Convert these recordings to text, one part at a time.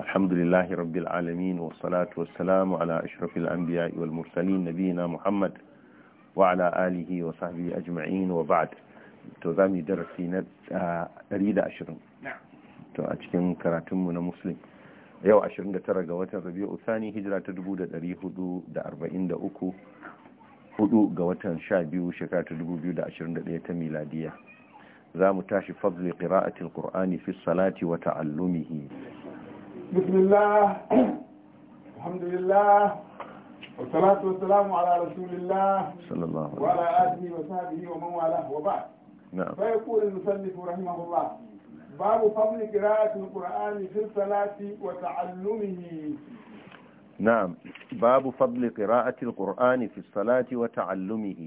الحمد لله رب العالمين والصلاة والسلام على أشرف الأنبياء والمرسلين نبينا محمد وعلى آله وصحبه أجمعين وبعد تذامي درسينا أريد أشرم تأتكم كراتمنا مسلم yau 29 ga watan rabi'u thani hijira ta 443 hudu ga watan 12 shekara ta 2021 ta miladiya za mu tashi fadli qira'atil qur'ani fi salati wa ta'allumihi بسم الله الحمد لله والصلاة والسلام على رسول الله صلى الله عليه وسلم وعلى آله وصحبه ومن والاه وبعد نعم فيقول المصنف رحمه الله باب فضل قراءة القرآن في الصلاة وتعلمه نعم باب فضل قراءة القرآن في الصلاة وتعلمه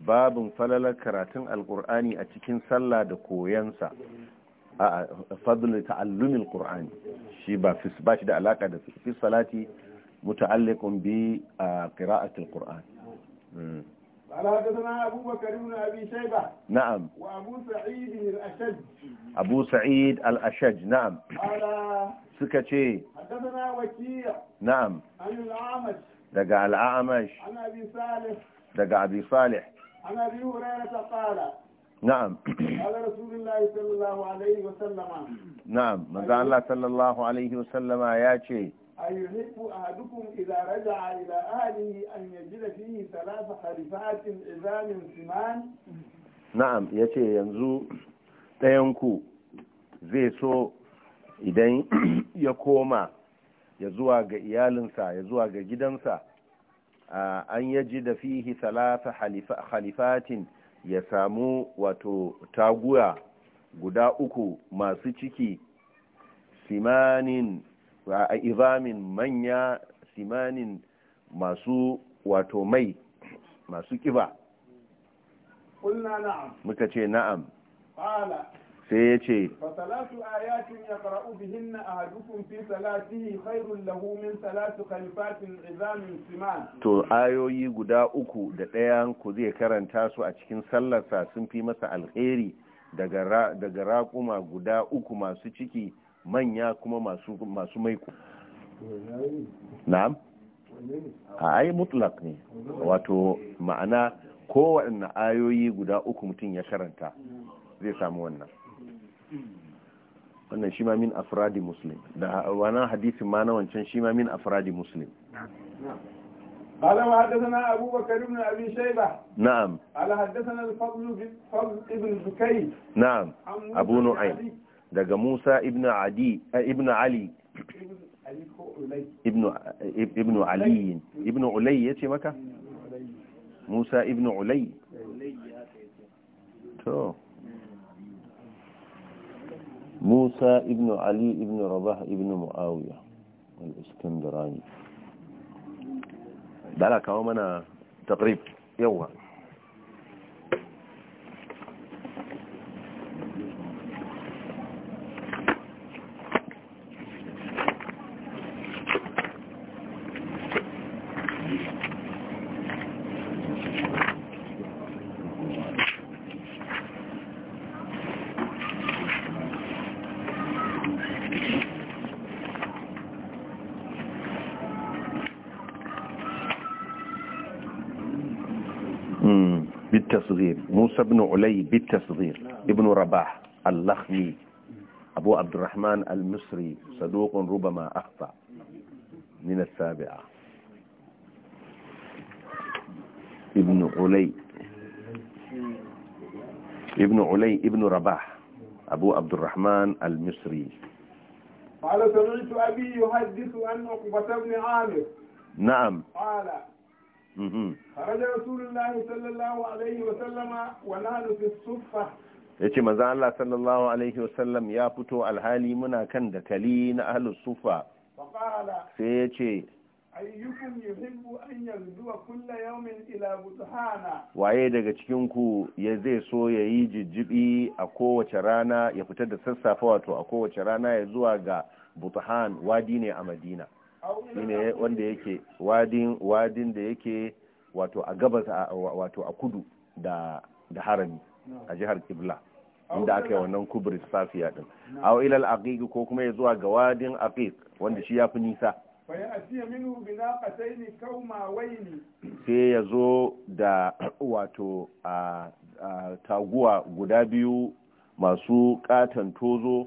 babin falalar karatun alkur'ani a cikin sallah da koyansa آه، فضل تعلم القرآن shi في سباش ba shi في alaka متعلق بقراءة آه، القرآن muta'alliqun bi حدثنا أبو بكر بن أبي شيبة نعم وأبو سعيد الأشج أبو سعيد الأشج نعم على سكتي حدثنا وكيع نعم عن الأعمش دقع الأعمش عن أبي صالح دقع أبي صالح عن أبي هريرة قال na'am na'am الله Allah sallallahu alaihi وسلم ya ce أيحب أحدكم إذا رجع إلى أهله أن يجد فيه ثلاث خليفات عظام سمان نعم ينزو تينكو zai so idan ya koma ya zuwa ga iyalinsa ya zuwa ga gidansa an yaji da fihi salasa halifatin ya samu wato taguwa guda uku masu ciki simanin a izamin manya simanin masu wato mai masu kiba muka ce na'am sai ya ce fasalatu ayatin ya qara'u bihinna ahadukum fi salatihi khairul lahu min salatu khalifatin izamin siman to ayoyi guda uku da ɗayan ku zai karanta su a cikin sallarsa sun fi masa alheri daga daga raƙuma guda uku masu ciki manya kuma masu masu maiko na'am a ai mutlak ne wato ma'ana kowaɗanne ayoyi guda uku mutum ya karanta zai samu wannan wannan shi ma min afradi muslim da wannan hadisin ma na wancan shi ma min afradi muslim na'am na'am na'am abu nu'aim daga musa ibn Ali. ibn ali ibn ali ibn ulay yace maka musa ibn ulay to موسى ابن علي ابن رباح ابن معاوية الاسكندراني بلا كمان تقريب يوه بالتصغير موسى بن علي بالتصغير ابن رباح اللخمي أبو عبد الرحمن المصري صدوق ربما أخطأ من السابعة ابن علي ابن علي ابن رباح أبو عبد الرحمن المصري قال سمعت أبي يحدث عن عقبة بن عامر نعم قال Mhm. kharaja rasulullahi sallallahu alaihi wa sallama wa nahnu fi yace manzo Allah sallallahu alaihi wa sallam ya fito alhali muna kan dakali na ahlus sufa sai yace ayyukum yuhibbu an yaghduwa kulla yawmin ila buthana waye daga cikin ku ya zai so ya yi jijjibi a kowace rana ya fitar da sassafe wato a kowace rana ya zuwa ga buthan wadi ne a Madina shine wanda yake wadin wadin da yake wato a gabas wato a kudu da da harami a jihar kibla inda aka yi wannan kubris safiya din aw al aqiq ko kuma ya zuwa ga wadin aqiq wanda shi yafi nisa sai ya zo da wato a taguwa guda biyu masu katon tozo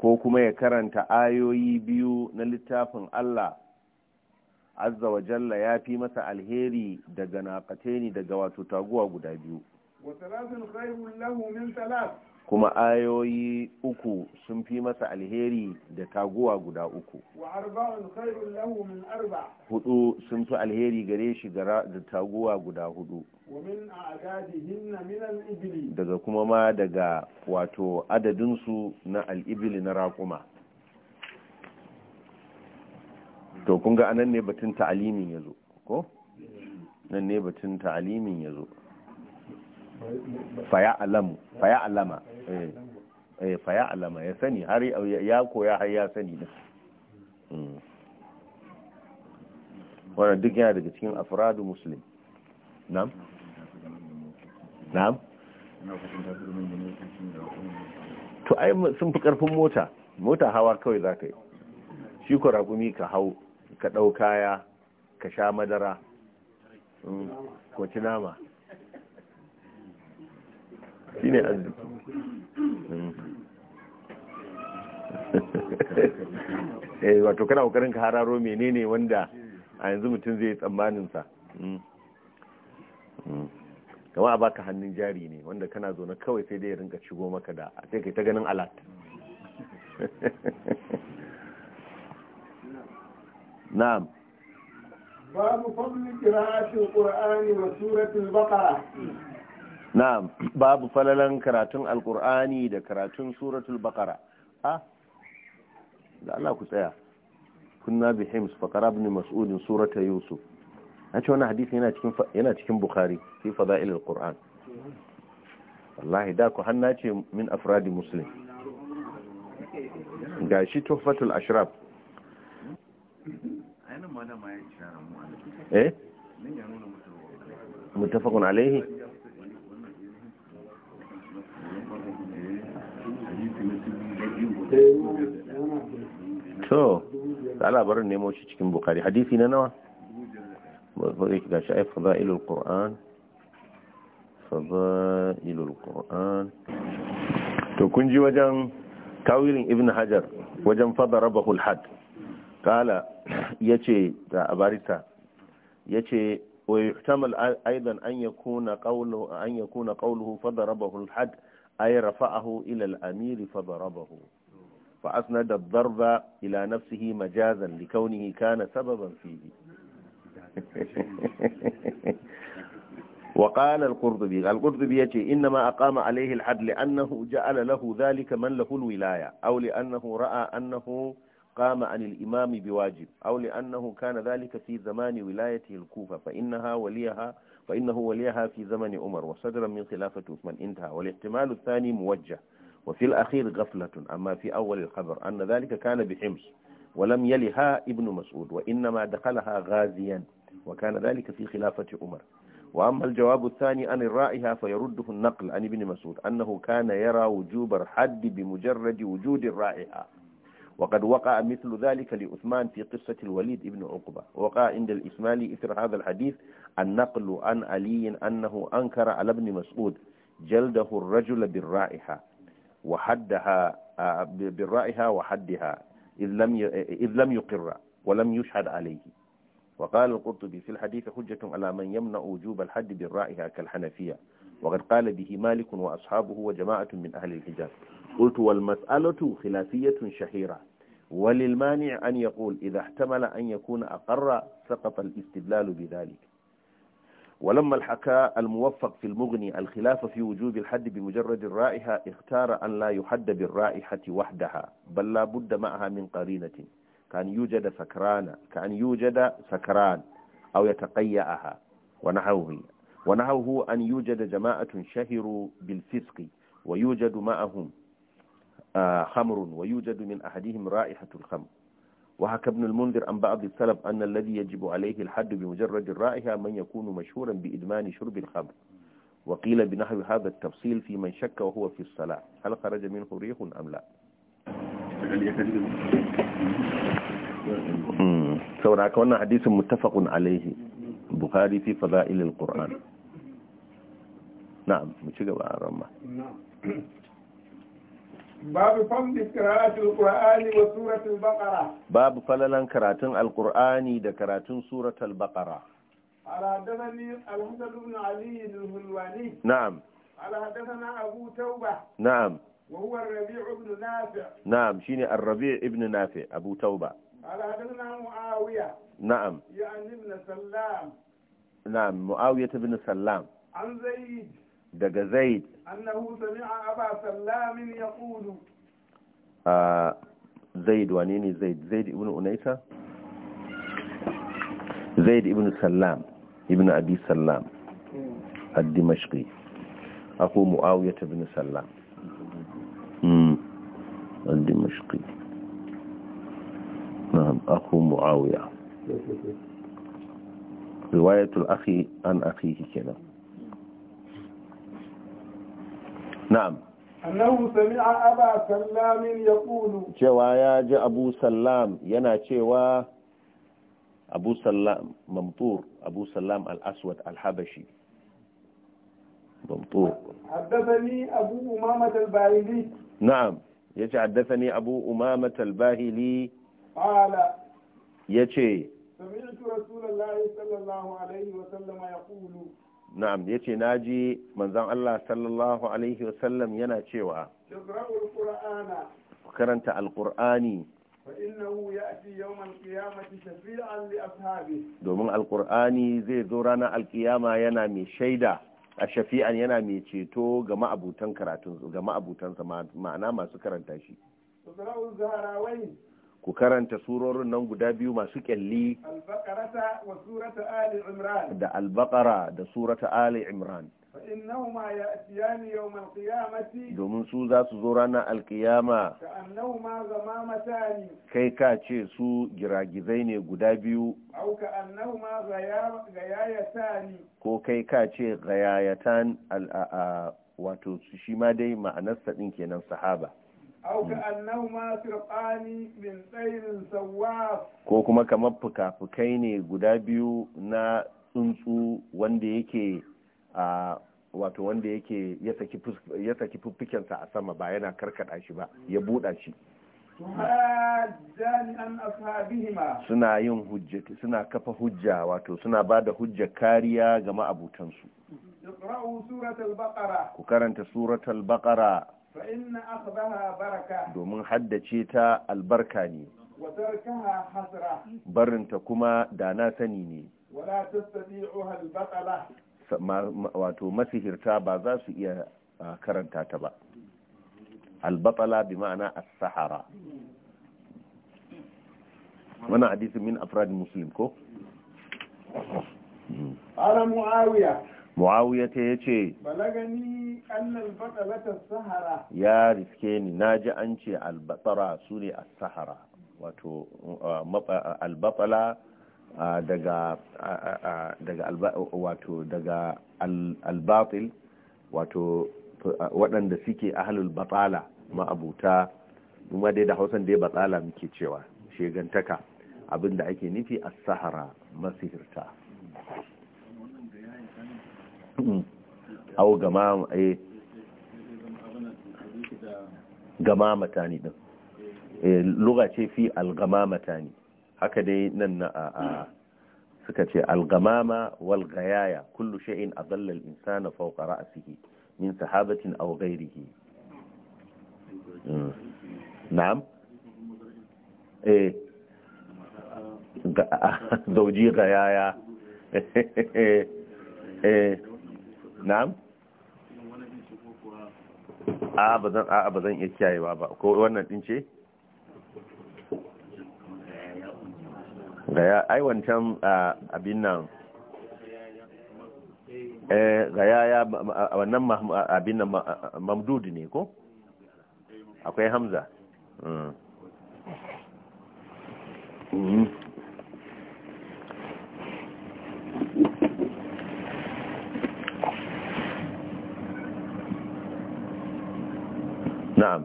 ko kuma ya karanta ayoyi biyu na littafin Allah azza wa jalla ya fi masa alheri daga naƙateni daga wato taguwa guda biyu Wa kuma ayoyi uku sun fi masa alheri da taguwa guda uku hudu sun fi alheri gare shi da taguwa guda hudu daga kuma ma daga wato adadinsu na al'ibili na raƙuma to kun ga anan ne batun ta'alimin ya zo ko nan ne batun ta'alimin ya zo faya alama eh, eh faya alama ya sani har ya koya har ya sani din hmm. wannan duk yana daga cikin afradu muslim na'am na'am to ai sun fi karfin mota mota hawa kawai za ka yi shi ko ragumi ka hau ka ɗau kaya ka sha madara hmm, ko ci nama shi ne arziki eh, wato kana kokarin ka hararo menene wanda a yanzu mutum zai tsammaninsa hmm. hmm. kama a baka hannun jari ne wanda kana zaune kawai sai dai rinka shigo maka da a sai kai ta ganin alat na'am babu fadlin kira'atul qur'ani wa suratul baqara Na babu falalan karatun alkur'ani da karatun suratul bakara a ah, da Allah ku tsaya kunna bi hims fa qarabni mas'udin surata yusuf ce wannan hadisi yana cikin yana cikin bukhari fi fadail alquran wallahi da ku hanna ce min afradi muslim gashi tuhfatul ashraf eh mutafaqun alaihi to Allah barin nemo shi cikin bukari hadisi na nawa bari ki gashi fadailul qur'an fadailul qur'an to kun ji wajen tawilin ibn hajar wajen fada rabahul had kala yace da abarita yace wai yuhtamal aidan an yakuna qawluhu an yakuna qawluhu fada rabahul had ay rafa'ahu ila al-amir fada فأسند الضرب إلى نفسه مجازا لكونه كان سببا فيه وقال القرطبي القرطبي يجي إنما أقام عليه الحد لأنه جعل له ذلك من له الولاية أو لأنه رأى أنه قام عن الإمام بواجب أو لأنه كان ذلك في زمان ولايته الكوفة فإنها وليها فإنه وليها في زمن عمر وصدرا من خلافة عثمان انتهى والاحتمال الثاني موجه وفي الأخير غفلة أما في أول الخبر أن ذلك كان بحمص ولم يلها ابن مسعود وإنما دخلها غازيا وكان ذلك في خلافة عمر وأما الجواب الثاني عن الرائها فيرده النقل عن ابن مسعود أنه كان يرى وجوب الحد بمجرد وجود الرائحة وقد وقع مثل ذلك لعثمان في قصة الوليد ابن عقبة وقع عند الإسمالي إثر هذا الحديث النقل عن علي أنه أنكر على ابن مسعود جلده الرجل بالرائحة وحدها آه، برائها وحدها إذ لم إذ لم يقر ولم يشهد عليه وقال القرطبي في الحديث حجة على من يمنع وجوب الحد برائها كالحنفية وقد قال به مالك وأصحابه وجماعة من أهل الحجاز قلت والمسألة خلافية شهيرة وللمانع أن يقول إذا احتمل أن يكون أقر سقط الاستدلال بذلك ولما الحكى الموفق في المغني الخلاف في وجوب الحد بمجرد الرائحة اختار أن لا يحد بالرائحة وحدها بل لا بد معها من قرينة كان يوجد سكران كان يوجد سكران أو يتقيأها ونحوه ونحوه أن يوجد جماعة شهروا بالفسق ويوجد معهم آه، خمر ويوجد من أحدهم رائحة الخمر وحكى ابن المنذر عن بعض السلف أن الذي يجب عليه الحد بمجرد الرائحة من يكون مشهورا بإدمان شرب الخمر وقيل بنحو هذا التفصيل في من شك وهو في الصلاة هل خرج منه ريح أم لا سورة كون حديث متفق عليه بخاري في فضائل القرآن نعم بقى أعرام نعم Babu falalan karatun Al’ur'ani da karatun Surat al-Baƙara. Na’am. Al’adana Abu Tauba. Na’am. Wahuwar Rabi Ibn Nafi. Na’am, shi ne Ar-Rabi Nafi, Abu Tauba. Al’adana Mu’awiya. Na’am. Ya’an Ibn Sallam. Na’am, Mu’awiyata Ibn Sallam. An zai daga zaid annahu sami'a aba sallamin yaqulu zaid wane ne zaid zaid ibn unaisa zaid ibn sallam ibn abi sallam ad-dimashqi aku muawiya ibn sallam mm ad-dimashqi na'am aku muawiya riwayatul akhi an akhihi kenan na'am annahu sami'a aba sallamin yaqulu cewa ya ji abu sallam yana cewa abu sallam mamtur abu sallam al-aswad al-habashi mamtur haddathani abu umamah al-bahili na'am yace haddathani abu umamah al-bahili qala yace sami'tu rasulullahi sallallahu alaihi wa sallama yaqulu na'am ya ce na ji manzan Allah sallallahu alaihi wasallam yana cewa karanta alƙur'ani domin alƙur'ani zai zo ranar alƙiyama yana mai shaida a shafi'an yana mai ceto ga ma'abutan karatun ga ma'abutansa ma'ana masu karanta shi ku karanta surorin nan guda biyu masu kyalli da albakara da surata ali imran domin su za su zo ranar alkiyama kai ka ce su giragizai ne guda biyu ko kai ka ce gayayatan wato shi ma dai ma'anarsa ɗin kenan sahaba أو ka annahuma firqani min tayrin sawaf ko kuma kamar fukafukai ne guda biyu na tsuntsu wanda yake a wato wanda yake ya saki fuffikensa a sama ba yana karkada shi ba ya buɗa shi suna yin hujja suna kafa hujja wato suna ba da hujja kariya ga ma'abutansu ku karanta suratul baqara domin haddace ta albarka ne barinta kuma da na sani ne wato masihirta ba za su iya karanta ta ba albatsala bi ma'ana as-sahara wannan hadisin min afrad musulun ko ala muawiya muawiya ta ya ce ya riske ni na ji an ce albatsara su ne a sahara wato albatsala daga wato daga albatil wato waɗanda suke ahalul batsala ma'abuta kuma dai da hausan dai batsala muke cewa shegantaka abinda ake nufi a sahara masihirta au gama eh gama matani din eh lugha ce fi al matani, haka dai nan na a suka ce algamama gamama wal ghayaya kullu shay'in adalla al-insana fawqa ra'sihi min sahabatin aw ghayrihi hmm. na'am eh zauji ghayaya eh na'am a ba zan iya ba ko wannan din ce gaya ai wancan abin nan ne ko akwai hamza hmm. Hmm. نعم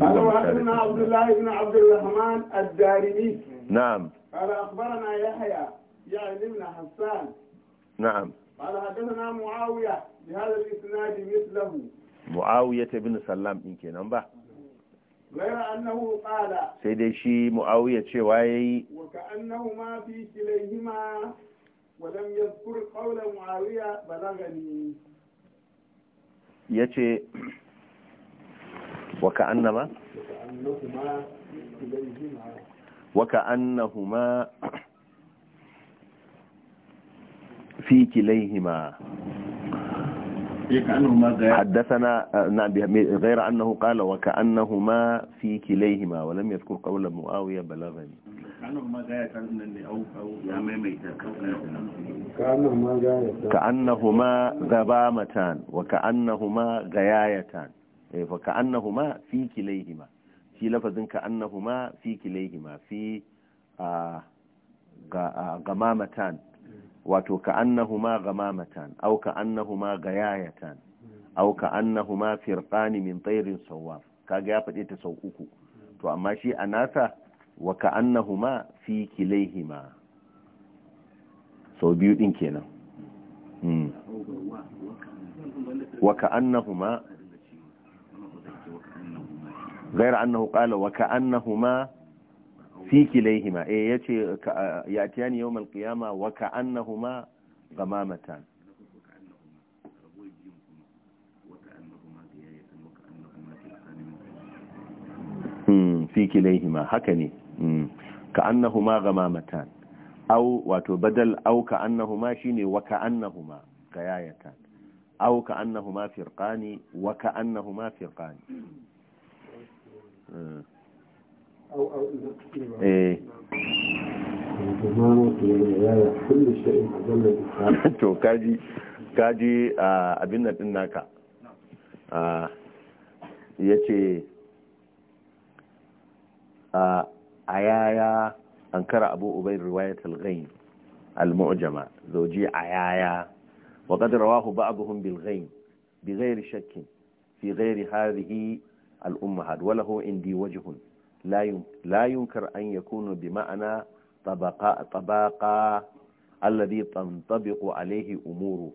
قال أن عبد الله بن عبد الرحمن الدارمي نعم قال أخبرنا يحيى يعني ابن حسان نعم قال حدثنا معاوية بهذا الإسناد مثله معاوية بن سلام إن كان أنبا غير أنه قال سيدي شي معاوية وكأنه ما في كليهما ولم يذكر قول معاوية بلغني يتي وكأنما وكأنهما في كليهما حدثنا آه، نعم، غير أنه قال وكأنهما في كليهما ولم يذكر قول معاوية بلغني كأنهما غبامتان وكأنهما غيايتان Eh, fa ka annahuma fi kilayhima shi lafazin annahuma fi kilayhima fi gamamatan wato annahuma gamamatan aw annahuma gayayatan aw annahuma firqani min tayrin sawaf kaga ya fade ta sau uku to amma shi anata wa annahuma fi kilayhima sau biyu din kenan hmm. wa annahuma غير أنه قال وكأنهما في كليهما اي يأتي يأتيان يوم القيامة وكأنهما غمامتان في كليهما هكني كأنهما غمامتان أو واتو بدل أو كأنهما شيني وكأنهما كيايتان أو كأنهما فرقان وكأنهما فرقان eh to kaji kaji abin nan din naka ya ce a yaya an kara abu ubai riwayat al-ghain al-mu'jama zoji a yaya wa qad rawahu ba'dhum bil-ghain bi ghairi shakkin fi ghairi hadhihi الأمهات وله عندي وجه لا لا ينكر أن يكون بمعنى طبقاء طباقا الذي تنطبق عليه أموره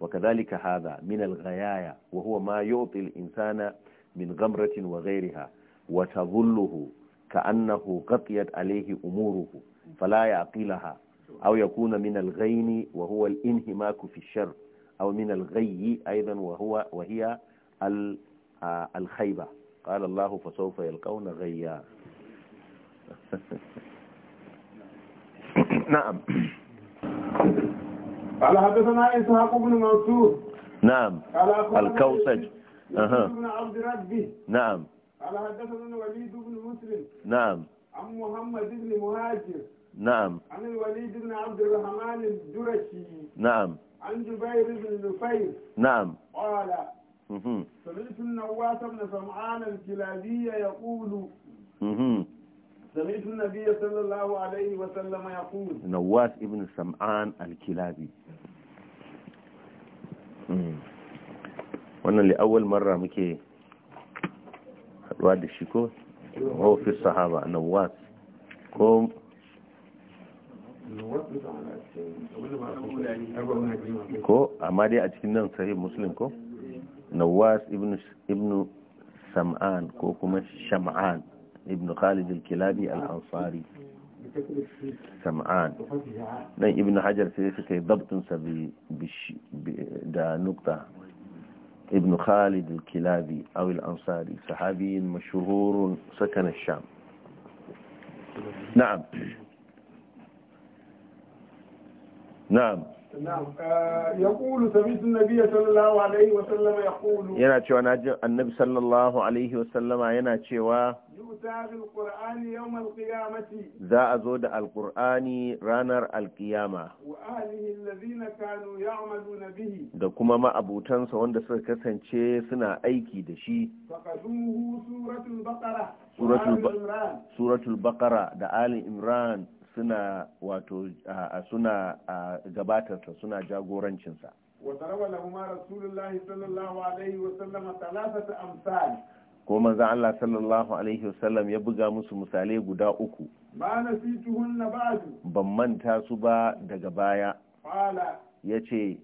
وكذلك هذا من الغيايا وهو ما يعطي الإنسان من غمرة وغيرها وتظله كأنه قطيت عليه أموره فلا يعقلها أو يكون من الغين وهو الانهماك في الشر أو من الغي أيضا وهو وهي آه، الخيبة قال الله فسوف يلقون غيا نعم قال حدثنا إسحاق بن منصور نعم الكوسج أها عبد ربه نعم قال حدثنا الوليد بن مسلم نعم عن محمد بن مهاجر نعم عن الوليد بن عبد الرحمن الدرشي نعم عن جبير بن نفير نعم قال سمعت النواس بن سمعان يقول سمعت النبي صلى الله عليه وسلم يقول نواس ابن سمعان الكلابي wannan li marra muke haduwa da shi ko ofis sahaba nawas ko ko amma dai a cikin nan sahih muslim ko نواس ابن ابن سمعان كوكما شمعان ابن خالد الكلابي الأنصاري سمعان نعم ابن حجر سيسكي ضبط دا نقطة ابن خالد الكلابي أو الأنصاري صحابي مشهور سكن الشام نعم نعم Eh, ya kulu sami sun nabi sallallahu alaihi wa sallama ya kulu. Yana cewa na ji annabi sallallahu alaihi wa sallama yana cewa. Yuta fi Al-Qur'ani yau mal Za a zo da al ranar Al-Qiyama. Wa ahlihi allazina kanu ya'malu bihi. Da kuma ma'abutansa wanda suka kasance suna aiki da shi. Fakaduhu suratul Baqara. Suratul Baqara da Ali Imran suna wato suna gabatarsa suna jagorancinsa ko manzan Allah sallallahu alaihi wasallam ya buga musu misalai guda uku ban manta su ba daga baya Fala! ya ce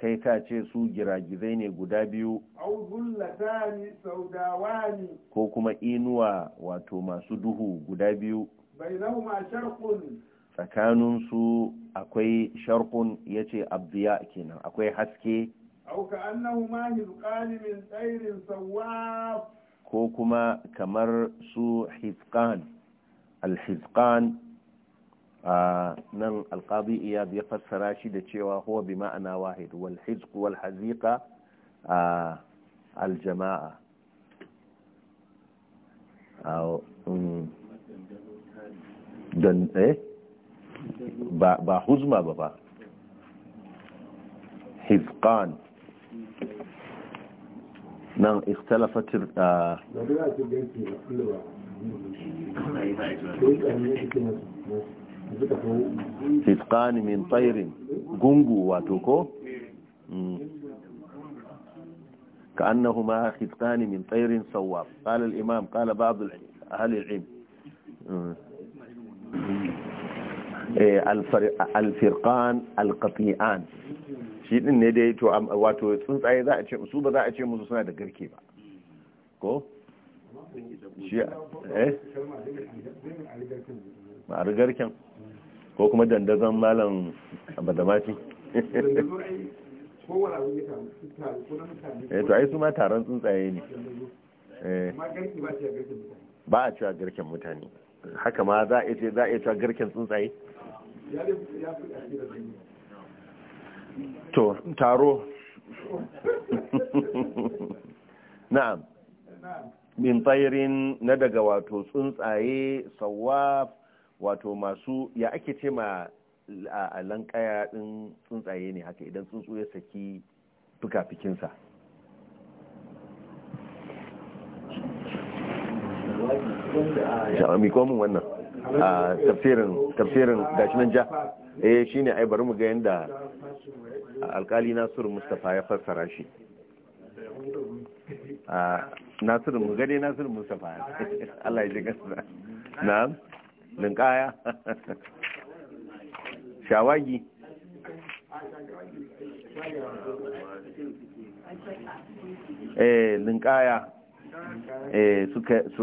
kai ka ce su giragizai ne guda biyu ko kuma inuwa wato masu duhu guda biyu tsakaninsu akwai sharkun ya ce abdiya kenan akwai haske ko kuma kamar su hizkan alhizkan a nan alkazi iya ya fassara shi da cewa huwa bi ma'ana wahid wal hizq wal a aljama'a don eh ba huzma ba ba hifqan nan ikhtalafatir a uh, hifqan min tairin gungu wato ko كأنهما خفتان من طير صواب قال الإمام قال بعض أهل العلم Eh, alfirkan alkafi'an shi din ne dai to wato tsuntsaye za a ce su ba za a ce musu suna da garke ba ko shi eh a rigarken ko kuma dandazon malam badamati eh to ai su ma taron tsuntsaye ne eh. ba a cewa garken mutane haka ma za a ce za a ta garken tsuntsaye to taro na'am min tsayirin na daga wato tsuntsaye sawaf wato masu ya ake ce ma a lankaya din tsuntsaye ne haka idan tsuntsu ya saki fuka-fikinsa mai komin wannan a tafsirin tafsirin gashinan ja eh shine ai bari mu ga yanda alkali nasiru mustafa ya fassara shi a nasiru mu gade nasiru mustafa Allah ya ji gaskiya na'am linkaya shawagi eh linkaya Eh,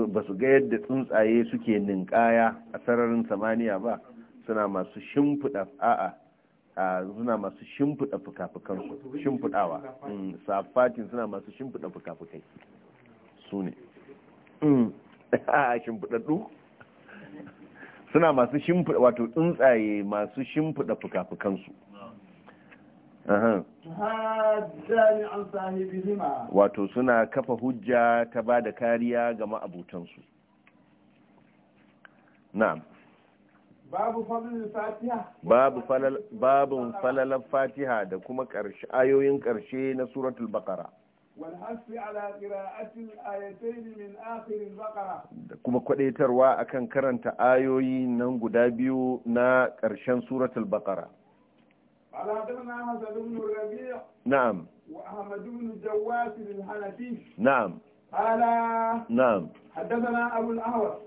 ba su ga yadda tsuntsaye suke ninkaya a sararin samaniya ba suna masu shimfiɗa a'a suna masu shimfiɗa fuka-fukansu shimfiɗawa mm, safatin suna masu shimfiɗa fuka-fukai su ne mm, a shimfiɗaɗɗu suna masu shimfiɗa wato tsuntsaye masu shimfiɗa fuka-fukansu wato suna kafa hujja ta ba da kariya ga ma'abutansu na'am babu falalar fatiha da kuma ayoyin karshe na suratul bakara da kuma kwadaitarwa akan karanta ayoyi nan guda biyu na ƙarshen suratul bakara قال حدثنا أحمد بن الربيع نعم وأحمد بن الجواس الحنفي نعم قال نعم حدثنا أبو الأهوى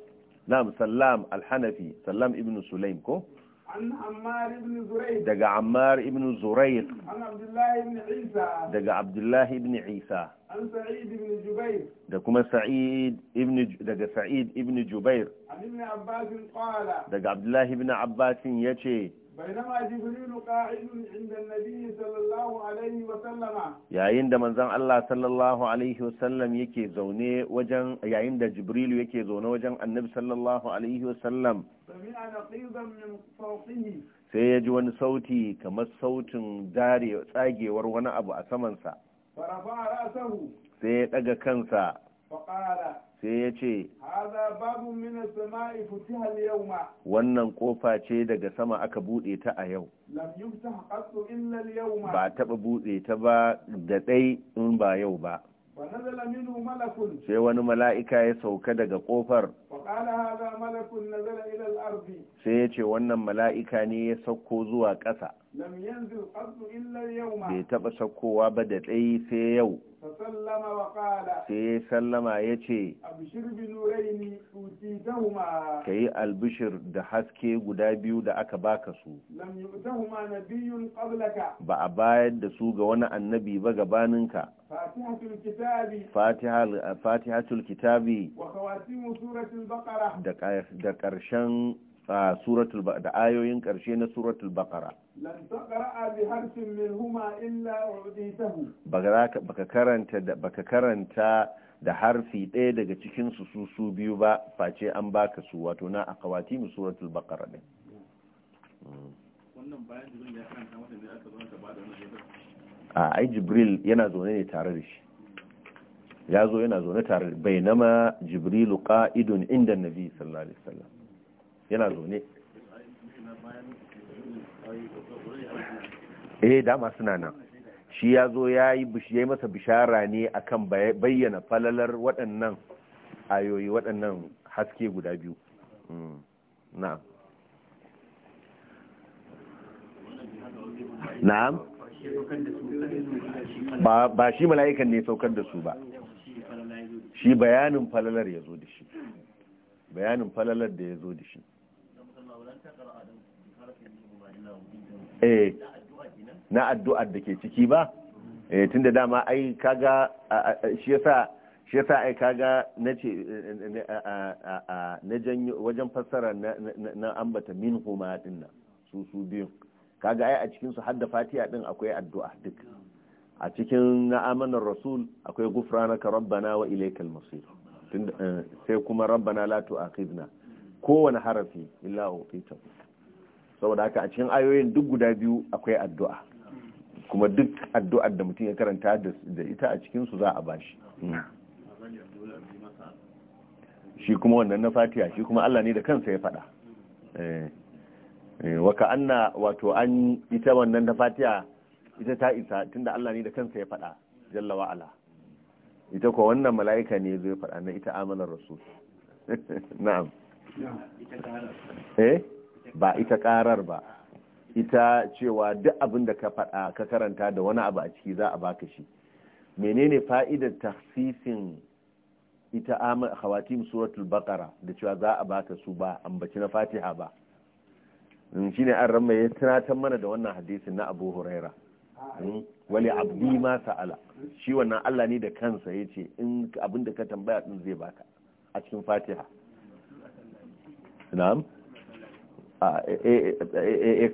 نعم سلام الحنفي سلام ابن سليم كو عن عمار ابن زريق دقى عمار ابن زريق عن عبد الله ابن عيسى دقى عبد الله ابن عيسى عن سعيد ابن جبير دقى سعيد ابن ج... دقى سعيد ابن جبير عن ابن عباس قال دقى عبد الله ابن عباس يتشي بينما جبريل قاعد عند النبي صلى الله عليه وسلم yayin da manzon Allah sallallahu alaihi wasallam yake zaune wajen yayin da Jibril yake zaune wajen Annabi sallallahu alaihi wasallam sai ya ji wani sauti kamar sautin tsagewar wani abu a samansa sai ya ɗaga kansa sai ya ce wannan kofa ce daga sama aka buɗe ta a yau ba taɓa buɗe ta ba da ɗai in ba yau ba sai wani mala'ika ya sauka daga ƙofar sai ya ce wannan mala'ika ne ya sauko zuwa ƙasa bai taɓa saukowa ba da tsayi sai yau fasallama wa qala sai sallama yace abshir bi nurayni utitahuma kai albishir da haske guda biyu da aka baka su lam yutahuma nabiyyun qablaka ba a bayar da su ga wani annabi ba gabanin ka fatihatul kitabi fatihal fatihatul kitabi wa khawatim suratul baqara da da karshen suratul da ayoyin ƙarshe na suratul baqara lan taqra'a bi harfin minhuma illa uditahu baka baka karanta da baka karanta da harfi ɗaya daga cikin su su su biyu ba face an baka su wato na akawati mu suratul baqara din wannan bayan jibril ya karanta wanda ne aka zo ta bada wannan a ai jibril yana zaune ne tare da shi ya zo yana zaune tare bainama jibrilu qa'idun inda nabi sallallahu alaihi wasallam yana zaune eh dama suna nan shi ya zo ya yi masa bishara ne akan bayyana falalar waɗannan ayoyi waɗannan haske guda biyu hmm. na'am na'am ba shi mala'ikan ne saukar da su ba shi bayanin falalar ya zo da shi bayanin falalar da ya zo da shi Eh, na addu'ar da ke ciki ba eh, tun tunda dama ai kaga shi yasa shi yasa ai kaga ce na janyo wajen fassara na ambata min huma din nan su su biyu kaga ai a cikin su hadda fatiha din akwai addu'a duk a cikin na amanar rasul akwai gufranaka rabbana wa ilaikal masir eh, sai kuma rabbana la tu'akhidna kowane harafi illa uqita saboda haka a cikin ayoyin duk guda biyu akwai addu'a kuma duk addu'ar da mutum ya karanta da ita a cikin su za a bashi hmm. shi kuma wannan na fatiya shi kuma Allah ne da kansa ya faɗa eh, eh, waka anna wato an ita wannan na fatiya ita ta isa tunda Allah ne da kansa ya faɗa jalla wa ala ita ko wannan mala'ika ne zai faɗa na ita amanar rasul na'am eh ba ita karar ba ita cewa duk abin da ka faɗa ka karanta da wani abu a ciki za a baka shi menene fa'idar tahsisin ita khawatim suratul baqara da cewa za a baka su ba ambaci na fatiha ba in mm, shine an ramma ya tunatar mana da wannan hadisin na abu huraira mm, wali abdi ma sa'ala shi wannan allah ne da kansa ya ce in abinda ka tambaya din zai baka a cikin fatiha na'am a ah,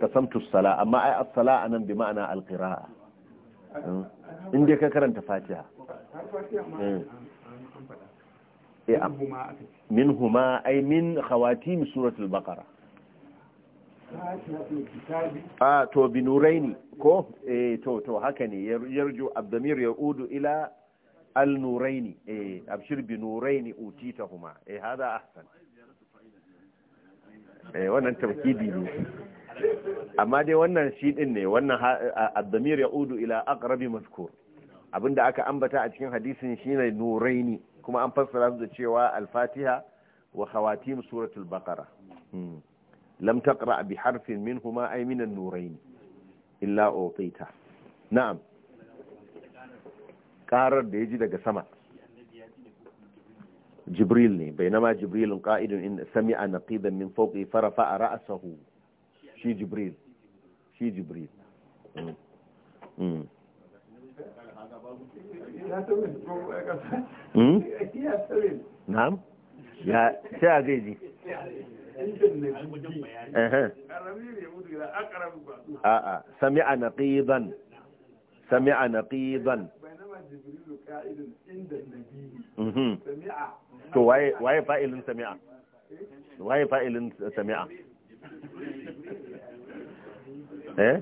kasamtu eh, eh, eh, sala amma ai as-sala anan bi ma'ana al-qira'a hmm? in dai ka karanta fatiha hmm. min huma ai min khawatim suratul baqara a ah, to binuraini ko eh to to haka ne yarju abdamir yaudu ila al-nuraini eh abshir binuraini utitahuma eh hada ahsan eh wannan tarkibi ne amma dai wannan shi din ne wannan ad-damir ya'udu ila aqrabi mazkur abinda aka ambata a cikin hadisin shine nuraini kuma an fassara su da cewa al-fatiha wa khawatim suratul baqara hmm. lam taqra bi harfin minhuma ay min an-nuraini illa utita na'am karar da yaji daga sama جبريل ني بينما جبريل قائد إن سمع نقيضا من فوقه فرفع رأسه شي جبريل شي جبريل امم نعم يا اها آه،, آه سمع نقيبا سمع نقيبا بينما جبريل قائد عند النبي سمع to waye waye fa'ilin sami'a waye fa'ilin sami'a eh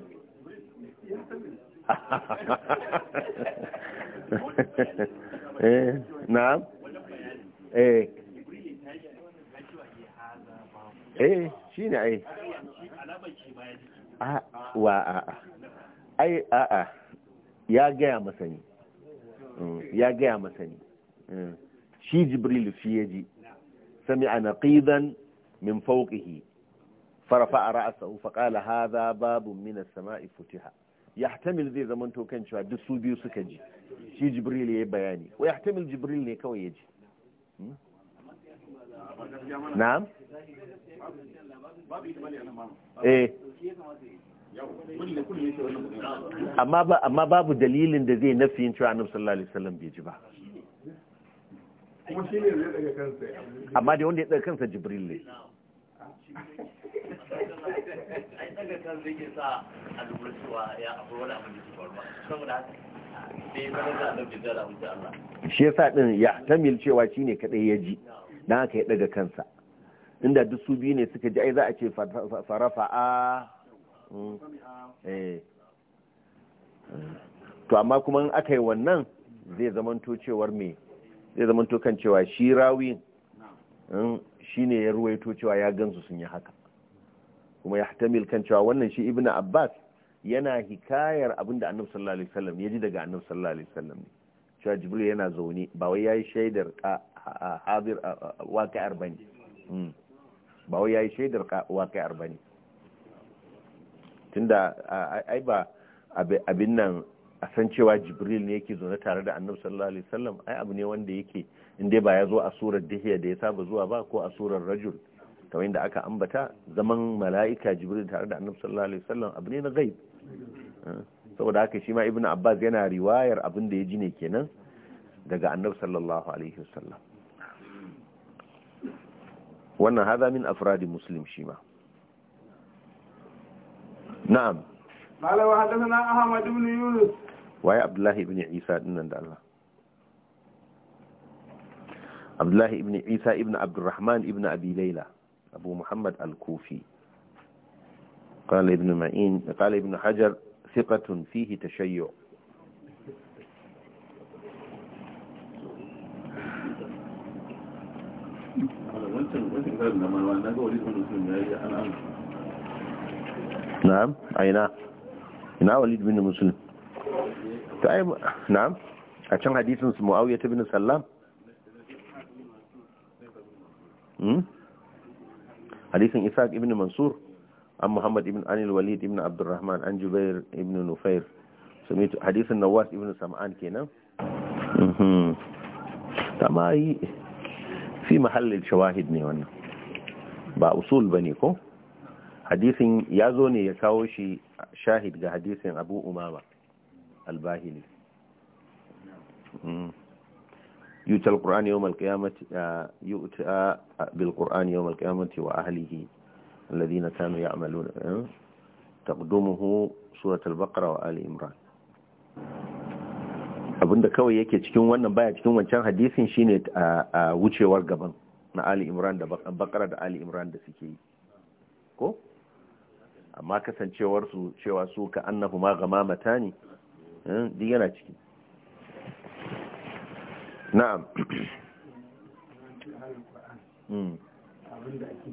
eh na'am eh eh ne ai a a ai a a ya gaya masani mm, ya gaya masani shi jibril shi ya ji sami'a naqidan min fawqihi فرفع رأسه فقال هذا باب من السماء فتح يحتمل زي zai zama كان cewa duk su biyu suka ji shi jibril yi bayani wa yahtamil jibril ne kawai yaji hmm? na'am eh. amma babu dalilin da zai nafi yin cewa annabi sallallahu alaihi wasallam bai ji ba amma da wanda ya daga kansa jibril ne shi yasa din ya tamil cewa shi ne kadai ya ji don haka ya daga kansa inda duk su biyu ne suka ji ai za a ce farafa a hmm. eh. to amma kuma in aka yi wannan zai zamanto cewar mai zai zama to kan cewa shi rawi hmm, shine ya ruwaito cewa ya gansu sun yi haka kuma ya hatamil kan cewa wannan shi Ibn abbas yana hikayar abinda annabi sallallahu alaihi wasallam ya ji daga annabi sallallahu alaihi wasallam ne cewa jibril yana zaune ba wai yayi shaidar hadir waqi'ar bane hmm, ba wai yayi shaidar waqi'ar bane tunda ai ba abin nan a san cewa jibril ne yake zaune tare da annabi sallallahu alaihi wasallam ai abu ne wanda yake in dai ba ya zo a surar dihiya da ya saba zuwa ba ko a surar rajul kamar inda aka ambata zaman mala'ika jibril tare da annabi sallallahu alaihi wasallam abu ne na gaib eh, saboda haka shi ma ibnu abbas yana riwayar abin da ya ji ne kenan daga annabi sallallahu alaihi wasallam wannan hada min afradi muslim shi ma na'am قال وحدثنا أحمد بن يونس waye abdullahi ibn isa dinnan da Allah abdullahi ibn isa ibn abdurrahman ibn abi laila abu muhammad al-kufi قال ابن معين قال ابن حجر ثقة فيه تشيع نعم أين وليد بن مسلم ta na'am a can hadisun su muawiya ta bin sallam hmm? hadisin isaac ibn mansur an muhammad ibn anil walid ibn abdurrahman an jubair ibn nufair samitu hadisin nawas ibn sam'an kenan tamayi hmm. fi mahallin shawahid ne wannan ba usul ba ko hadisin ya zo ne ya kawo shi shahid ga hadisin abu umama albahili hmm. uh, yuta alkur'ani uh, yau malkiyamati yuta bilkur'ani yau malkiyamati wa ahalihi alladhina kanu ya'maluna taqdumuhu surat al-baqara wa ali imran abinda kawai yake cikin wannan baya cikin wancan hadisin shine a uh, wucewar gaban na ali imran da bakara da ali imran da suke yi ko amma kasancewar su cewa su ka annahu ma mata ne Eh, Diga na ciki na'am. Abun da ake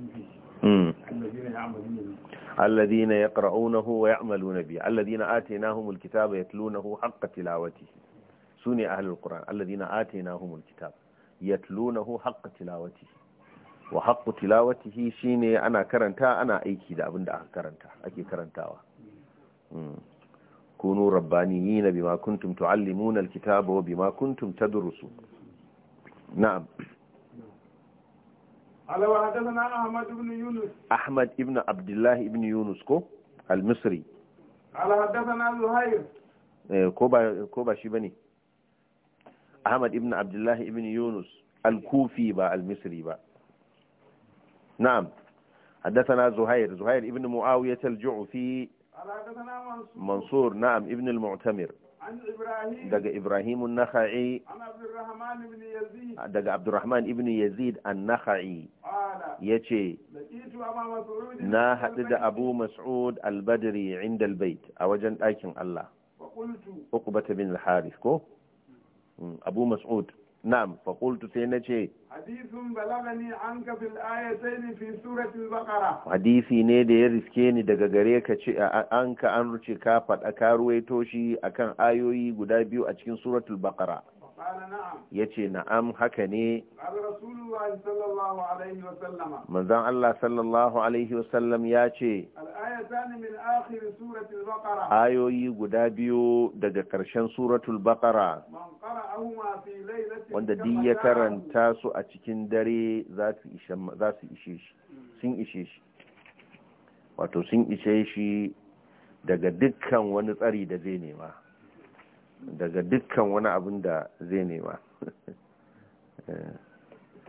wa yacmalu na bi Aladina ake yi na haɗu mulki ta ba ya tilo na hu haƙa tilawacin a halin ƙuran Aladina ake yi na haɗu wa haƙu tilawacin shine ana karanta ana aiki da abun da aka karanta ake karantawa. Hmm. kunu rabbaniyina bima kuntum tuallimuna alkitaba wa bima kuntum tadrusu na'am alaw hadathana ahmad ibn yunus ahmad ibn abdullah ibn yunus ko al-misri ala hadathana zuhair eh, ko ba ko ba shi bane ahmad ibn abdullah ibn yunus al-kufi ba al-misri ba na'am حدثنا زهير زهير ابن معاوية الجعفي mansur na'am ibn al-mu'tamir daga ibrahim an daga abdurrahman ibn yazid an-nakhai yace na haɗu da abu mas'ud al-badri inda al a wajen ɗakin Allah uqbata bin al-harith ko abu mas'ud Na'am, نعم فقلت سينتي حديث بلغني عنك في الآيتين في سورة البقرة Hadisi ne da ya riske ni daga gare ka ce an ka an ruce kafaɗa karuwaitoshi ka ruwaito akan ayoyi guda biyu a cikin suratul bakara. ya ce na'am haka ne manzan Allah sallallahu alaihi wasallam ya ce ayoyi guda biyu daga ƙarshen suratul baqara wanda duk ya karanta su a cikin dare za su ishe shi sun ishe shi wato sun ishe shi daga dukkan wani tsari da zai nema daga dukkan wani abin da zai nema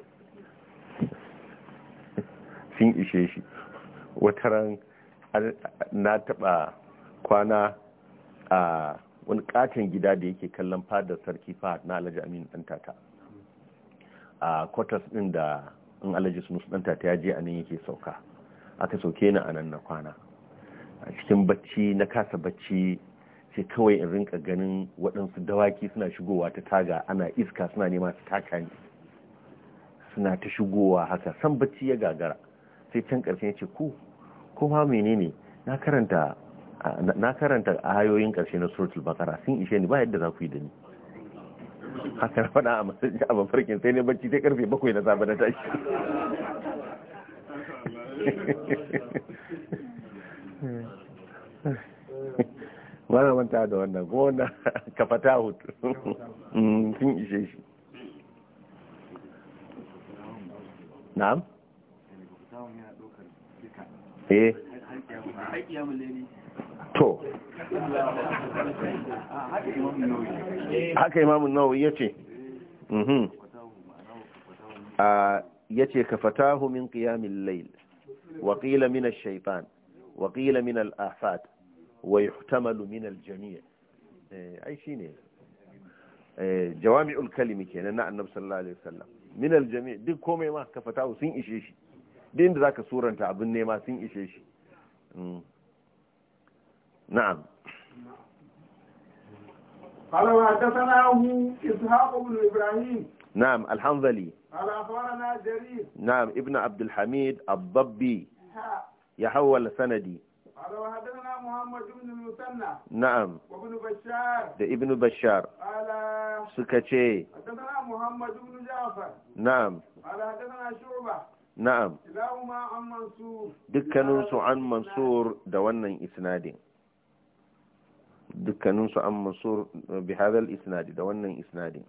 sun ishe shi wataran na taba kwana a wani katon gida da yake kallon fadar sarki fahad na alhaji aminu dan tata a kwatas din da in alhaji sunu dan tata ya je a nan yake sauka aka sauke ni a nan na kwana a cikin bacci na kasa bacci sai kawai in rinka ganin waɗansu dawaki suna shigowa ta taga ana iska suna nema su taka ni suna ta shigowa haka san bacci ya gagara sai can ƙarshe ya ce ku kuma menene na karanta na karanta ayoyin ƙarshe na suratul bakara sun ishe ni ba yadda za ku yi da ni haka na faɗa a masajin a mafarkin sai ne bacci sai karfe bakwai na safe na tashi Yeah. ba na manta da wannan gona ka hutu mm, sun ishe shi na'am eh to haka imamun ya ce mm-hmm. ah, ya ce ka fatahu min ƙiyamin lail waƙila min Shaifan, shaitan waƙila min al Wai yuhtamalu min jami'a. jami eh, ai shine eh, jawami'ul kalimi kenan na annabi sallallahu alaihi wasallam min al duk komai ma ka fatawo sun ishe shi duk inda zaka suranta abin nema sun ishe shi hmm. na'am قال وحدثناه إسحاق بن إبراهيم نعم الحنظلي قال أخبرنا جرير نعم ابن عبد الحميد الضبي يحول سندي Na’am. Da Ibn Bashar. Suka ce. Na’am. Na’am. Dukkanin an mansur da wannan isnadin. da wannan isnadin.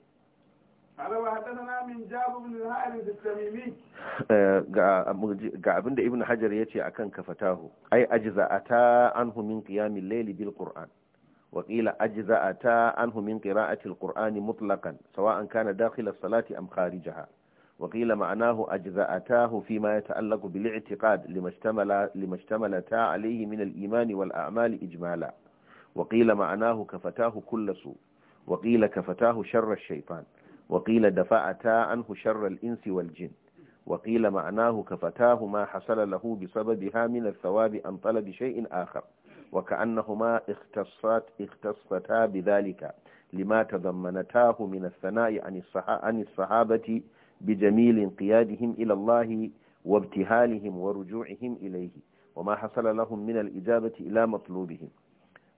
قال وحدثنا من جاب بن الحارث التميمي ga abin da ibn hajar ya ce akan kafatahu ai ajza'ata anhu min qiyamil layli bil qur'an wa qila ajza'ata anhu min qira'ati al qur'ani mutlaqan sawa'an kana dakhil as salati am kharijaha wa qila ma'nahu ajza'atahu fi ma yata'allaqu bil i'tiqad limastamala limastamalata alayhi min al iman wal a'mal ijmala wa qila ma'nahu kafatahu kullasu wa qila kafatahu sharra ash shaytan وقيل دفعتا عنه شر الإنس والجن وقيل معناه كفتاه ما حصل له بسببها من الثواب عن طلب شيء آخر وكأنهما اختصت اختصتا بذلك لما تضمنتاه من الثناء عن, عن الصحابة بجميل انقيادهم إلى الله وابتهالهم ورجوعهم إليه وما حصل لهم من الإجابة إلى مطلوبهم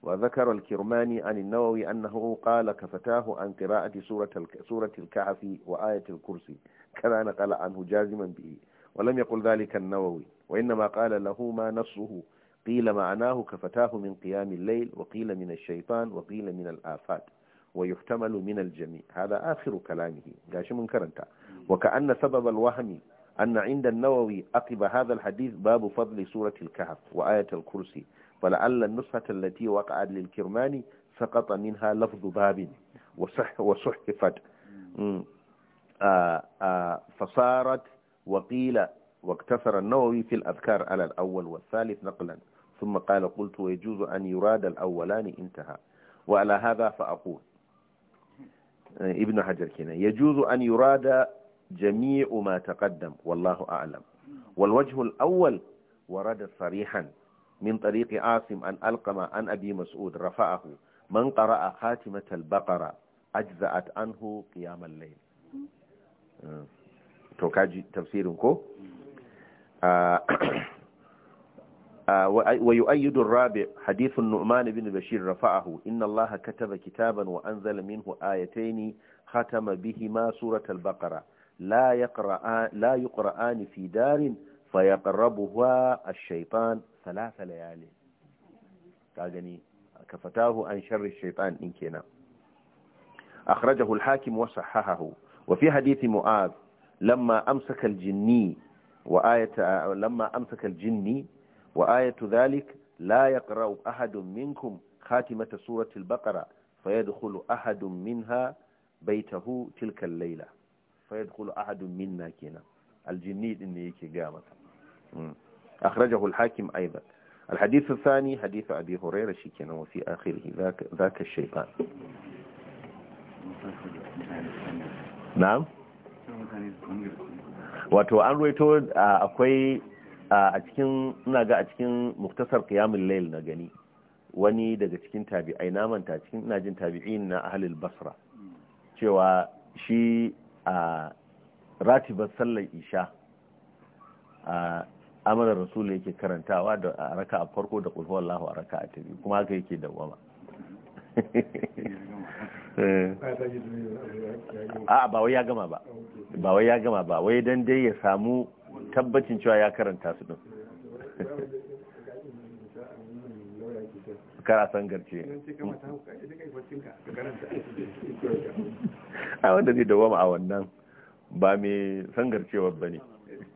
وذكر الكرماني عن النووي أنه قال كفتاه عن قراءة سورة, سورة الكهف وآية الكرسي كما نقل عنه جازما به ولم يقل ذلك النووي وإنما قال له ما نصه قيل معناه كفتاه من قيام الليل وقيل من الشيطان وقيل من الآفات ويحتمل من الجميع هذا آخر كلامه قاش منكر كرنتا وكأن سبب الوهم أن عند النووي أقب هذا الحديث باب فضل سورة الكهف وآية الكرسي فلعل النسخة التي وقعت للكرماني سقط منها لفظ باب وصح وصحفت آه، آه، فصارت وقيل واقتصر النووي في الأذكار على الأول والثالث نقلا ثم قال قلت ويجوز أن يراد الأولان انتهى وعلى هذا فأقول آه، ابن حجر كنا يجوز أن يراد جميع ما تقدم والله أعلم والوجه الأول ورد صريحا من طريق عاصم عن ألقم عن أبي مسعود رفعه من قرأ خاتمة البقرة أجزأت عنه قيام الليل آه. توكاجي تفسيركم آه. آه. ويؤيد الرابع حديث النعمان بن بشير رفعه إن الله كتب كتابا وأنزل منه آيتين ختم بهما سورة البقرة لا يقرآن, لا يقرآن في دار فيقربها الشيطان ثلاث ليالي كاغني كفتاه عن شر الشيطان إن كنا أخرجه الحاكم وصححه وفي حديث معاذ لما أمسك الجني وآية لما أمسك الجني وآية ذلك لا يقرأ أحد منكم خاتمة سورة البقرة فيدخل أحد منها بيته تلك الليلة فيدخل أحد منا كنا الجني إني كجامة mm أخرجه الحاكم أيضا الحديث الثاني حديث أبي هريرة شكنا وفي آخره ذاك, ذاك الشيطان نعم wato an ruwaito akwai a cikin ina ga a cikin muktasar qiyamul layl na gani wani daga cikin tabi'ai na manta cikin ina jin tabi'in na ahlul basra cewa shi a ratibar sallar isha amalar rasul yake karantawa da raka a farko da kulhu wallahu a raka a tabi kuma haka yake dawama a ba wai ya gama ba ba wai ya gama ba wai dan dai ya samu tabbacin cewa ya karanta su din kara san garce a wanda zai dawama a wannan ba mai san garcewar ba ne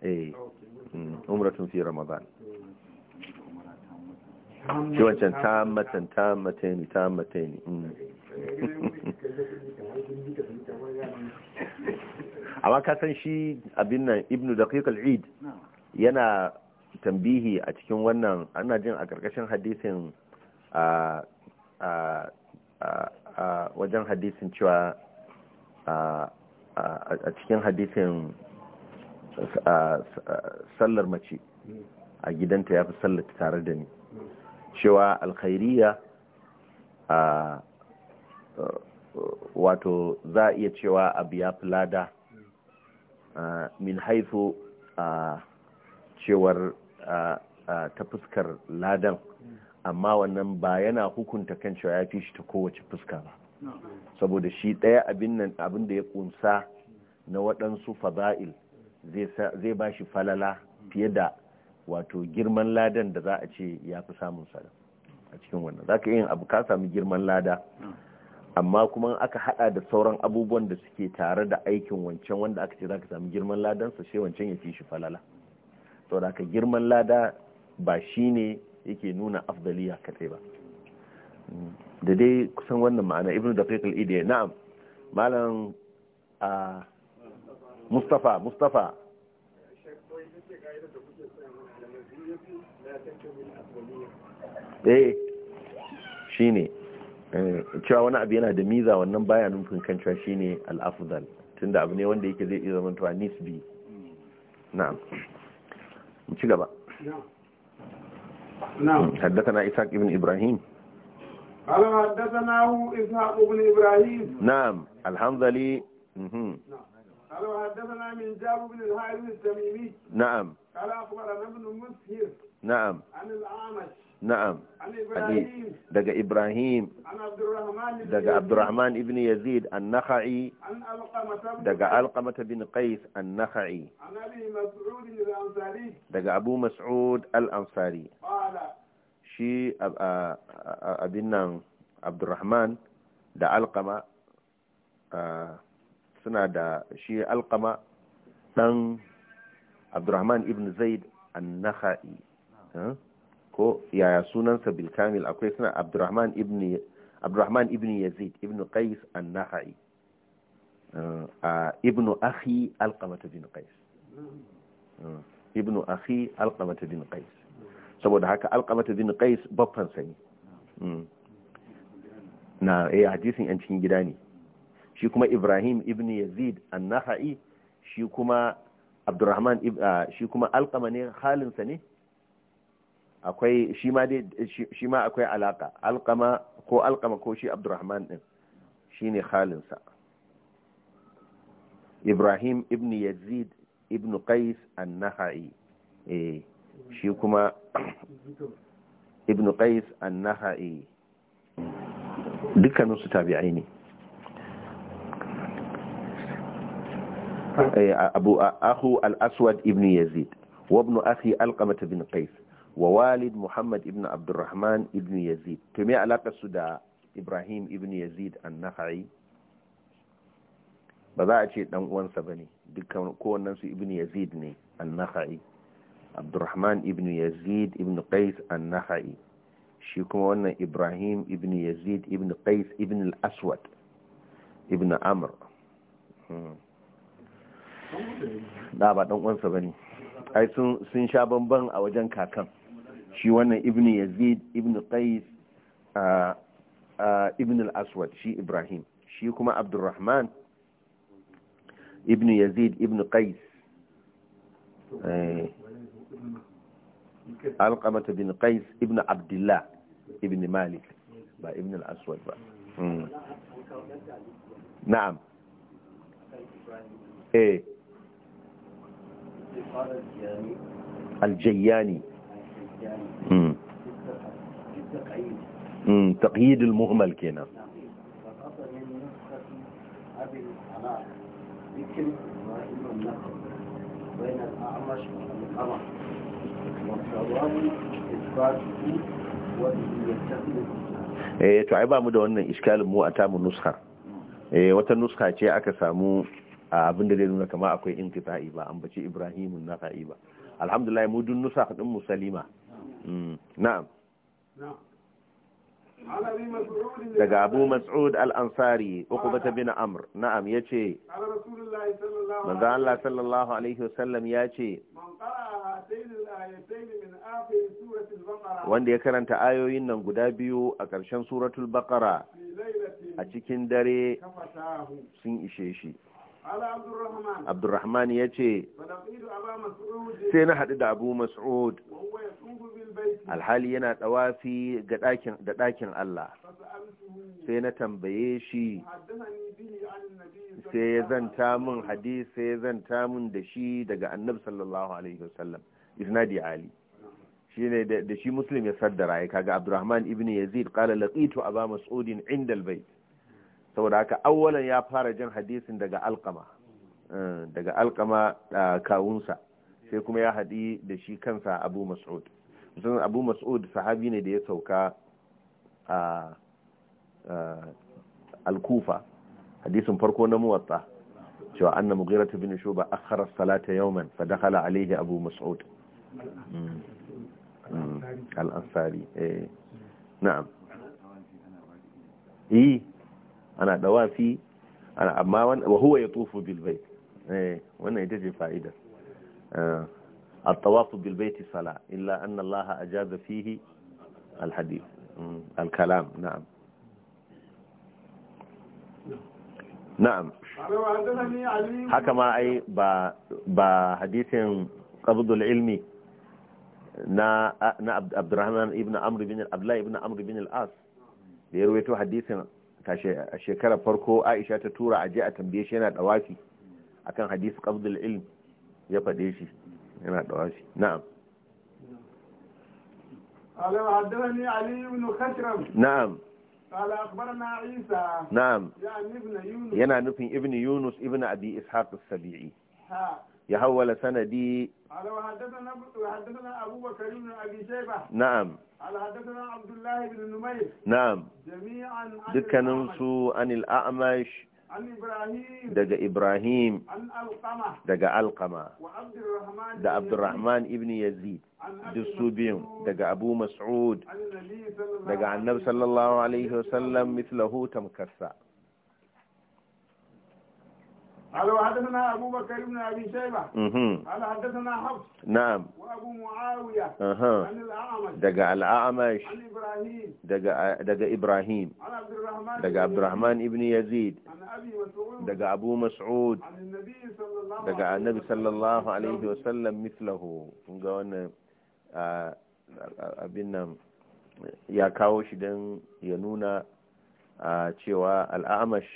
eh ah, mm, umratun fi ramadan shi wancan tamatan tammataini tammataini mm. eh, eh, eh, amma ka san shi abin nan ibnu daqiq al-eid yana tambihi a cikin wannan ana jin a karkashin hadisin a a a wajen hadisin cewa a cikin hadisin sallar mace a gidanta ya fi sallata tare da ni cewa alkhairiya a wato za a iya cewa abu ya fi lada min haifo a cewar ta fuskar ladan amma wannan ba yana hukunta kan cewa ya fi shi ta kowace fuska ba saboda shi ɗaya abin da ya kunsa na waɗansu fada'il zai ba shi falala fiye da wato girman ladan da za a ce ya fi samun sa a cikin wannan za ka yin abu ka sami girman lada amma kuma aka hada da sauran abubuwan da suke tare da aikin wancan wanda aka ce za ka sami girman sa sai wancan ya fi shi falala saboda ka girman lada ba shi ne yake nuna afdaliya kaɗai ba da dai kusan wannan ma'ana ibn da na'am malam a ah, Mustapha Mustapha eh ne. Eh, cewa wani abu yana da miza wannan baya nufin kan cewa shine al-afdal tunda abu ne wanda yake zai iya zama tuwa nisbi na'am mu ci gaba na'am na Ishaq ibn Ibrahim قال حدثناه إسحاق بن إبراهيم نعم الحنظلي نعم قال وحدثنا من جابر بن الحارث التميمي نعم قال أخبرنا ابن مسهر نعم عن الأعمش نعم عن إبراهيم دقى إبراهيم عن عبد الرحمن دقى عبد الرحمن ابن يزيد النخعي عن ألقمة دقى ألقمة بن قيس النخعي عن أبي مسعود الأنصاري دقى أبو مسعود الأنصاري قال شي أبنا عبد الرحمن da alkama suna da shi alkama ɗan abdurrahman ibn zaid an-nakha'i ko yaya sunansa bilkamil akwai suna abdurrahman ibn yazid ibn qais an-nakha'i ibn akhi alqamata bin qais ibn akhi alqamata bin qais saboda haka alqamata bin qais baffan sani hmm. na eh hadisin 'yancin cikin gida ne shi kuma ibrahim ibn yazid an-naha'i shi kuma abdurrahman ah, shi kuma alqama ne halinsa ne akwai shi ma dai shi ma akwai alaka alqama ko alqama ko shi abdurrahman din shine halinsa ibrahim ibn yazid ibn qais an-naha'i eh shi kuma ibn qais an-naha'i dukkaninsu tabi'ai ne إيه، أبو أخو الأسود ابن يزيد وابن أخي القمة بن قيس ووالد محمد ابن عبد الرحمن ابن يزيد كما علاقة سداء إبراهيم ابن يزيد النخعي بذا أشيء دم وان سبني كون نفسه ابن يزيد النخعي عبد الرحمن ابن يزيد ابن قيس النخعي شيكم وانا إبراهيم ابن يزيد ابن قيس ابن الأسود ابن عمرو da ba dan uwansa bane ai sun sun sha bamban a wajen kakan shi wannan ibn yazid ibn qais ibn al-aswad shi ibrahim shi kuma abdurrahman ibn yazid ibn qais eh. alqamat bin qais ibn abdullah ibn malik ba ibn al-aswad ba hmm. na'am eh Aljayyani. Takhidin Muhammad ke nan. To a yi ba mu da wannan iska mu a ta mu nusra, eh, wata nusra ce aka samu. abin da zai nuna kama akwai inqita'i ba an ambaci ibrahimun nafa'i ba alhamdulillah mu dun nusa din musalima mm, na'am daga abu mas'ud al-ansari uqbata bin amr na'am yace manzo Allah sallallahu alaihi wasallam yace wanda ya karanta ayoyin nan guda biyu a ƙarshen suratul baqara a cikin dare sun ishe shi abdurrahman ya ce sai na haɗu da abu mas'ud alhali yana ɗawafi da ɗakin Allah sai na tambaye shi sai ya zanta min hadis sai ya zanta min da shi daga annab sallallahu alaihi wasallam isnadi ali shi ne da shi muslim ya saddara ya kaga abdurrahman ibn yazid qala laqitu aba mas'udin inda albayt saboda haka awwalan ya fara jin hadisin daga alkama eh, daga alkama kawunsa sai kuma ya haɗi da shi kansa abu mas'ud musamman abu mas'ud sahabi ne da ya sauka a alkufa hadisin farko na muwatta cewa anna ta bin shuba akhara salata yawman fa dakhala alayhi abu mas'ud mm, mm, al-ansari eh na'am eh ana dawafi ana amma wa huwa yatufu bil bait eh wannan ita ce fa'ida الطواف بالبيت صلاة إلا أن الله أجاز فيه الحديث الكلام نعم نعم haka ma ai ba ba hadisin qabdul ilmi na na abdurrahman ibn amr bin abdullah ibn amr bin al-as da ya rawaito hadisin a shekarar farko aisha ta tura a je a tambaye shi yana dawafi akan hadis qabdul ilm ya faɗe shi yana dawafi na'am قال حدثني علي بن خشرم نعم قال يحول سندي قال na'am, وحدثنا ابو بكر بن ابي daga Ibrahim daga Alkama da Abdurrahman ibn Yazid duk su biyun daga Abu Mas'ud daga Annab sallallahu Alaihi wasallam mitlahu tamkarsa قال وحدثنا أبو بكر بن أبي شيبة قال حدثنا حفص نعم وأبو معاوية أها عن الأعمش دقى الأعمش عن إبراهيم دقى دقى إبراهيم عن عبد الرحمن دقى عبد الرحمن ابن يزيد عن أبي مسعود دقى أبو مسعود عن النبي صلى الله عليه دقى النبي صلى الله عليه وسلم مثله قالنا abin nan ya kawo shi don ya nuna cewa al'amash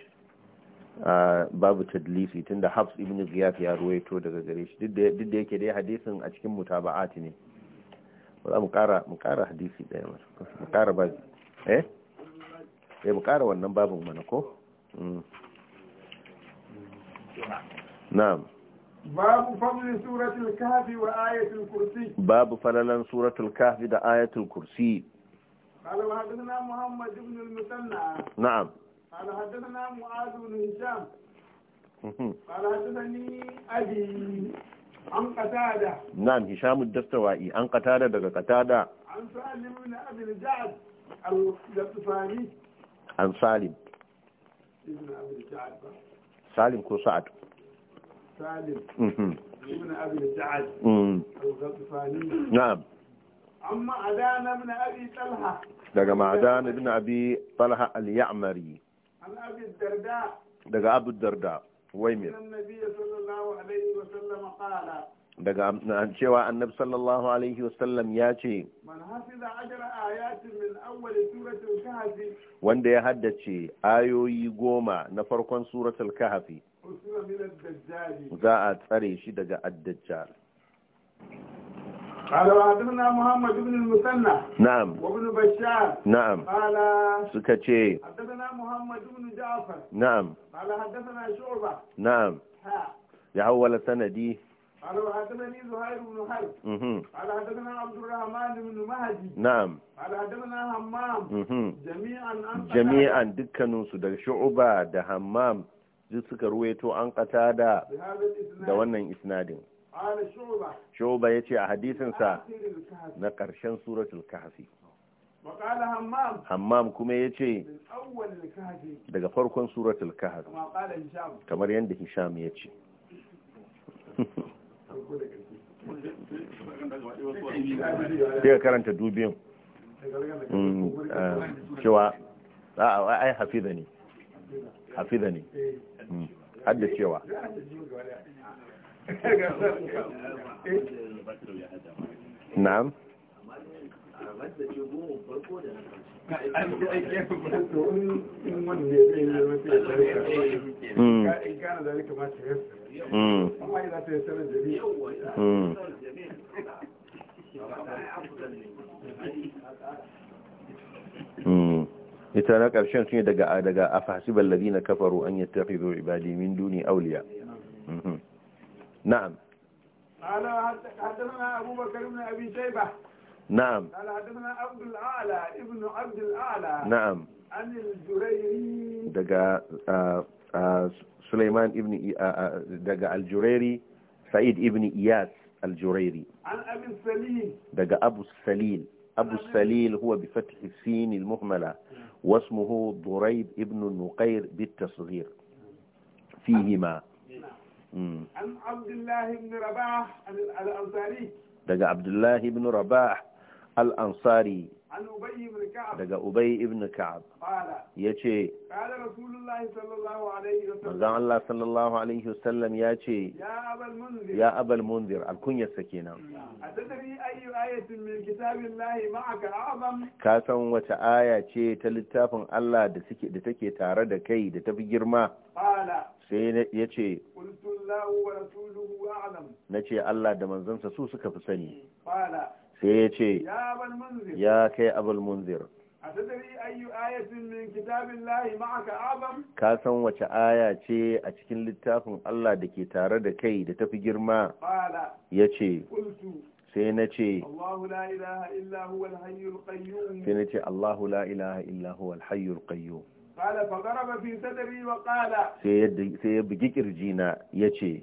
babu tadlisi tunda Habs ibn Ghiyaf ya ruwaito daga gare shi duk da yake dai hadisin a cikin mutaba'at ne za mu kara mu kara hadisi daya mu kara ba eh eh mu kara wannan babun mana ko mm. na'am babu fadlin suratul kahf wa ayatul kursi babu falalan suratul kahf da ayatul kursi قال وحدثنا محمد بن المثنى نعم قال حدثنا معاذ بن هشام قال حدثني أبي عن قتادة نعم هشام الدستوائي عن قتادة دقى قتادة عن سالم بن أبي الجعد الدستوائي عن سالم ابن أبي الجعد سالم كو سعد سالم ابن أبي الجعد الغطفاني نعم عن معدان بن أبي طلحة دقى معدان بن أبي طلحة اليعمري daga abu darda wai mai. daga cewa annab sallallahu alaihi wasallam ya ce wanda ya haddace ayoyi goma na farkon suratul kahafi za a tsare shi daga addajjal قال وحدثنا محمد بن المثنى نعم وابن بشار نعم قال سكتشي حدثنا محمد بن جعفر نعم قال حدثنا شعبة نعم يا أول سنة دي قال وحدثني زهير بن حرب قال حدثنا عبد الرحمن بن مهدي نعم قال حدثنا همام جميعا جميعا دكانهم سدى شعبة ده همام duk suka ruwaito an kata da wannan isnadin shuba ya ce a hadisinsa na ƙarshen suratul kahfi hammam kuma ya ce daga farkon suratul kahfi kamar yadda hisham ya ce sai karanta dubin cewa ai hafiza ne da ne hadda cewa na'am hmm. Hmm. Hmm. ita na ƙarshen sun yi daga afasibar ladina kafaru an yi tafi zo ibadi min duni auliya نعم قال حدثنا أبو بكر بن أبي شيبة نعم قال حدثنا عبد الأعلى ابن عبد الأعلى نعم عن الجريري دقا آه، آه، سليمان ابن آه، دقا الجريري سعيد ابن إياس الجريري عن أبي السليل دقا أبو السليل أبو السليل هو بفتح السين المهملة واسمه ضريب ابن النقير بالتصغير فيهما Hmm. an abdullahi ibn rabah al-ansari daga abdullahi ibn rabah al-ansari daga ubay ibn ka'ab Ya ce. Maza Allah sallallahu alaihi wasallam ya ce ya abal munzir alkunyar kenan hmm. ka san wace aya ce ta littafin Allah da da take tare da kai da tafi girma sai ya ce na ce Allah da manzansa su suka fi sani hmm. sai ya ce ya kai abul munzir ka san wace aya ce a cikin littafin Allah da ke tare da kai da tafi girma ya ce sai na ce sai na ce Allahu la ilaha illahu alhayyul qayyum sai ya bugi kirjina ya ce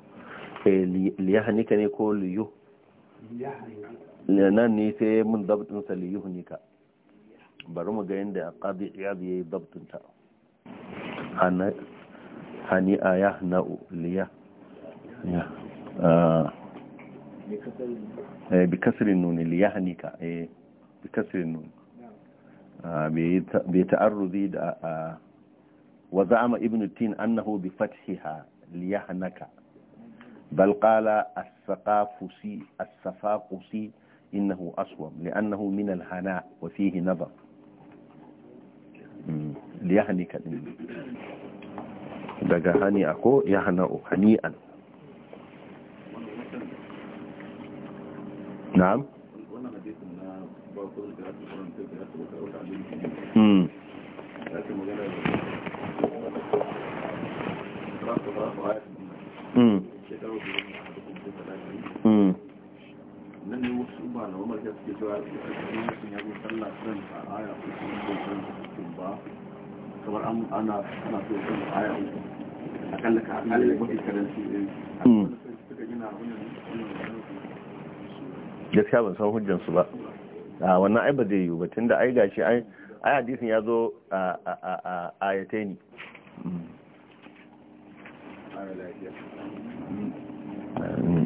liyahnika ne ko liyu nan ne sai mun dabtinsa liyuhnika bari mu ga yadda qadi ya yayi dabtinta ana hani aya na liya ya eh, bi kasrin nun liyahnika eh bi kasrin nun bai ta'arruzi da wa za'ama ibnu tin annahu bi fathiha liyahnaka بل قال الثقافسي السفاقسي إنه أصوم لأنه من الهناء وفيه نظر ليهنك daga hani ako ya hana hani'an na'am امم ya ban san hujjan ba a wannan ai ba zai yiwu ba tunda ai gashi ai hadisin ya zo a ayatai ne